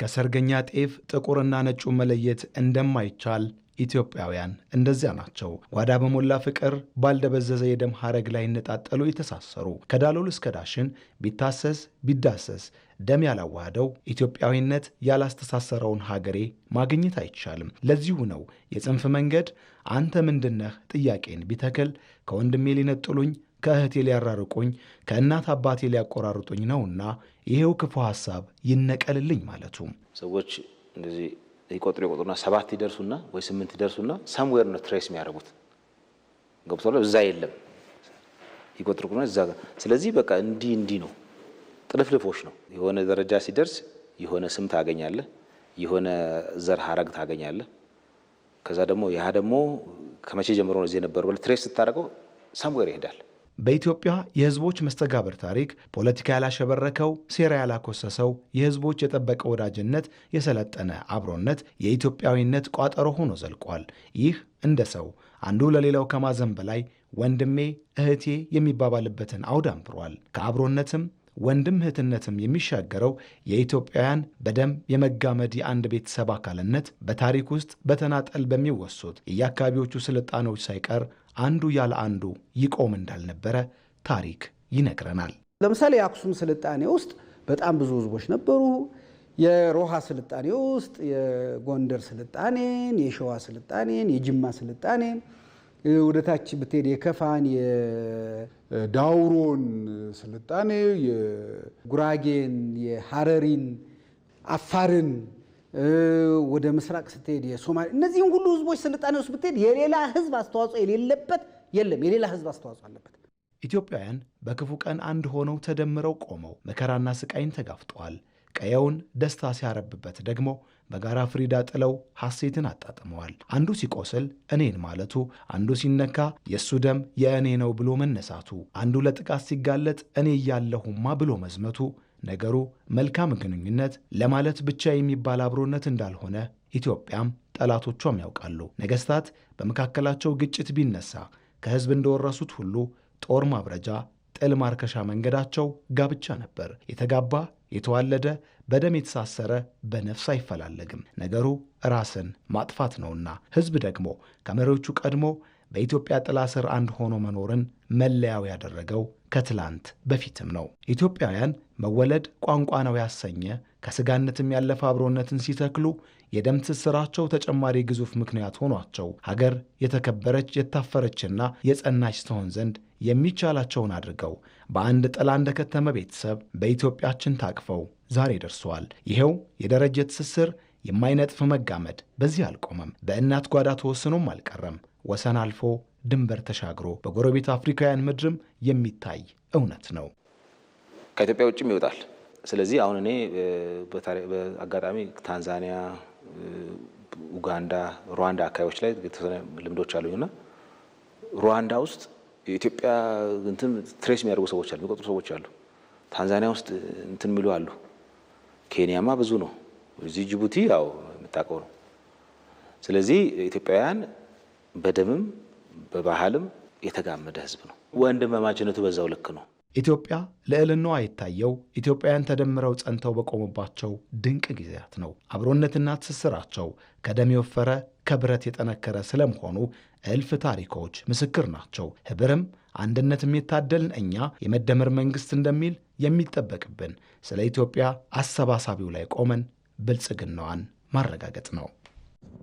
ከሰርገኛ ጤፍ ጥቁርና ነጩ መለየት እንደማይቻል ኢትዮጵያውያን እንደዚያ ናቸው። ጓዳ በሞላ ፍቅር ባልደበዘዘ የደም ሐረግ ላይ እነጣጠሉ የተሳሰሩ ከዳሎል እስከ ዳሽን ቢታሰስ ቢዳሰስ ደም ያላዋህደው ኢትዮጵያዊነት ያላስተሳሰረውን ሀገሬ ማግኘት አይቻልም። ለዚሁ ነው የጽንፍ መንገድ አንተ ምንድነህ ጥያቄን ቢተክል ከወንድሜ ሊነጥሉኝ ከእህቴ ሊያራርቁኝ ከእናት አባቴ ሊያቆራርጡኝ ነውና ይሄው ክፉ ሀሳብ ይነቀልልኝ ማለቱ። ሰዎች እንደዚህ ይቆጥሩ ይቆጥሩና ሰባት ይደርሱና ወይ ስምንት ይደርሱና ሳምዌር ነው ትሬስ የሚያደርጉት ገብቶ እዛ የለም ይቆጥሩና እዛ ስለዚህ በቃ እንዲህ እንዲህ ነው ጥልፍልፎች ነው። የሆነ ደረጃ ሲደርስ የሆነ ስም ታገኛለህ፣ የሆነ ዘር ሀረግ ታገኛለህ። ከዛ ደግሞ ያህ ደግሞ ከመቼ ጀምሮ ነው እዚህ የነበረው ብለህ ትሬስ ስታደርገው ሳምዌር ይሄዳል። በኢትዮጵያ የህዝቦች መስተጋብር ታሪክ ፖለቲካ ያላሸበረከው፣ ሴራ ያላኮሰሰው፣ የህዝቦች የጠበቀ ወዳጅነት፣ የሰለጠነ አብሮነት የኢትዮጵያዊነት ቋጠሮ ሆኖ ዘልቋል። ይህ እንደ ሰው አንዱ ለሌላው ከማዘን በላይ ወንድሜ እህቴ የሚባባልበትን አውድ አምጥሯል። ከአብሮነትም ወንድም እህትነትም የሚሻገረው የኢትዮጵያውያን በደም የመጋመድ የአንድ ቤተሰብ አካልነት በታሪክ ውስጥ በተናጠል በሚወሱት የየአካባቢዎቹ ስልጣኖች ሳይቀር አንዱ ያለ አንዱ ይቆም እንዳልነበረ ታሪክ ይነግረናል። ለምሳሌ የአክሱም ስልጣኔ ውስጥ በጣም ብዙ ህዝቦች ነበሩ። የሮሃ ስልጣኔ ውስጥ የጎንደር ስልጣኔን፣ የሸዋ ስልጣኔን፣ የጅማ ስልጣኔን ወደታች ብትሄድ የከፋን፣ የዳውሮን ስልጣኔ፣ የጉራጌን፣ የሐረሪን፣ አፋርን ወደ ምስራቅ ስትሄድ የሶማሌ እነዚህም ሁሉ ህዝቦች ስልጣኔ ውስጥ ብትሄድ የሌላ ህዝብ አስተዋጽኦ የሌለበት የለም። የሌላ ህዝብ አስተዋጽኦ አለበት። ኢትዮጵያውያን በክፉ ቀን አንድ ሆነው ተደምረው ቆመው መከራና ስቃይን ተጋፍጠዋል። ቀየውን ደስታ ሲያረብበት ደግሞ በጋራ ፍሪዳ ጥለው ሐሴትን አጣጥመዋል። አንዱ ሲቆስል እኔን ማለቱ፣ አንዱ ሲነካ የእሱ ደም የእኔ ነው ብሎ መነሳቱ፣ አንዱ ለጥቃት ሲጋለጥ እኔ እያለሁማ ብሎ መዝመቱ ነገሩ መልካም ግንኙነት ለማለት ብቻ የሚባል አብሮነት እንዳልሆነ ኢትዮጵያም ጠላቶቿም ያውቃሉ። ነገሥታት በመካከላቸው ግጭት ቢነሳ ከሕዝብ እንደወረሱት ሁሉ ጦር ማብረጃ፣ ጥል ማርከሻ መንገዳቸው ጋብቻ ነበር። የተጋባ የተዋለደ በደም የተሳሰረ በነፍስ አይፈላለግም። ነገሩ ራስን ማጥፋት ነውና ሕዝብ ደግሞ ከመሪዎቹ ቀድሞ በኢትዮጵያ ጥላ ስር አንድ ሆኖ መኖርን መለያው ያደረገው ከትላንት በፊትም ነው። ኢትዮጵያውያን መወለድ ቋንቋ ነው ያሰኘ ከስጋነትም ያለፈ አብሮነትን ሲተክሉ የደም ትስስራቸው ተጨማሪ ግዙፍ ምክንያት ሆኗቸው ሀገር የተከበረች የታፈረችና የጸናች ትሆን ዘንድ የሚቻላቸውን አድርገው በአንድ ጥላ እንደከተመ ቤተሰብ በኢትዮጵያችን ታቅፈው ዛሬ ደርሰዋል። ይኸው የደረጀ ትስስር የማይነጥፍ መጋመድ በዚህ አልቆመም። በእናት ጓዳ ተወስኖም አልቀረም። ወሰን አልፎ ድንበር ተሻግሮ በጎረቤት አፍሪካውያን ምድርም የሚታይ እውነት ነው። ከኢትዮጵያ ውጭም ይወጣል። ስለዚህ አሁን እኔ በአጋጣሚ ታንዛኒያ፣ ኡጋንዳ፣ ሩዋንዳ አካባቢዎች ላይ የተወሰነ ልምዶች አሉኝና ሩዋንዳ ውስጥ የኢትዮጵያ እንትን ትሬስ የሚያደርጉ ሰዎች አሉ፣ የሚቆጥሩ ሰዎች አሉ። ታንዛኒያ ውስጥ እንትን የሚሉ አሉ። ኬንያማ ብዙ ነው። እዚህ ጅቡቲ ያው የምታውቀው ነው። ስለዚህ ኢትዮጵያውያን በደምም በባህልም የተጋመደ ህዝብ ነው። ወንድማማችነቱ በዛው ልክ ነው። ኢትዮጵያ ልዕልናዋ የታየው ኢትዮጵያውያን ተደምረው ጸንተው በቆሙባቸው ድንቅ ጊዜያት ነው። አብሮነትና ትስስራቸው ከደም የወፈረ ከብረት የጠነከረ ስለመሆኑ እልፍ ታሪኮች ምስክር ናቸው። ህብርም አንድነትም የታደልን እኛ የመደመር መንግሥት እንደሚል የሚጠበቅብን ስለ ኢትዮጵያ አሰባሳቢው ላይ ቆመን ብልጽግናዋን ማረጋገጥ ነው።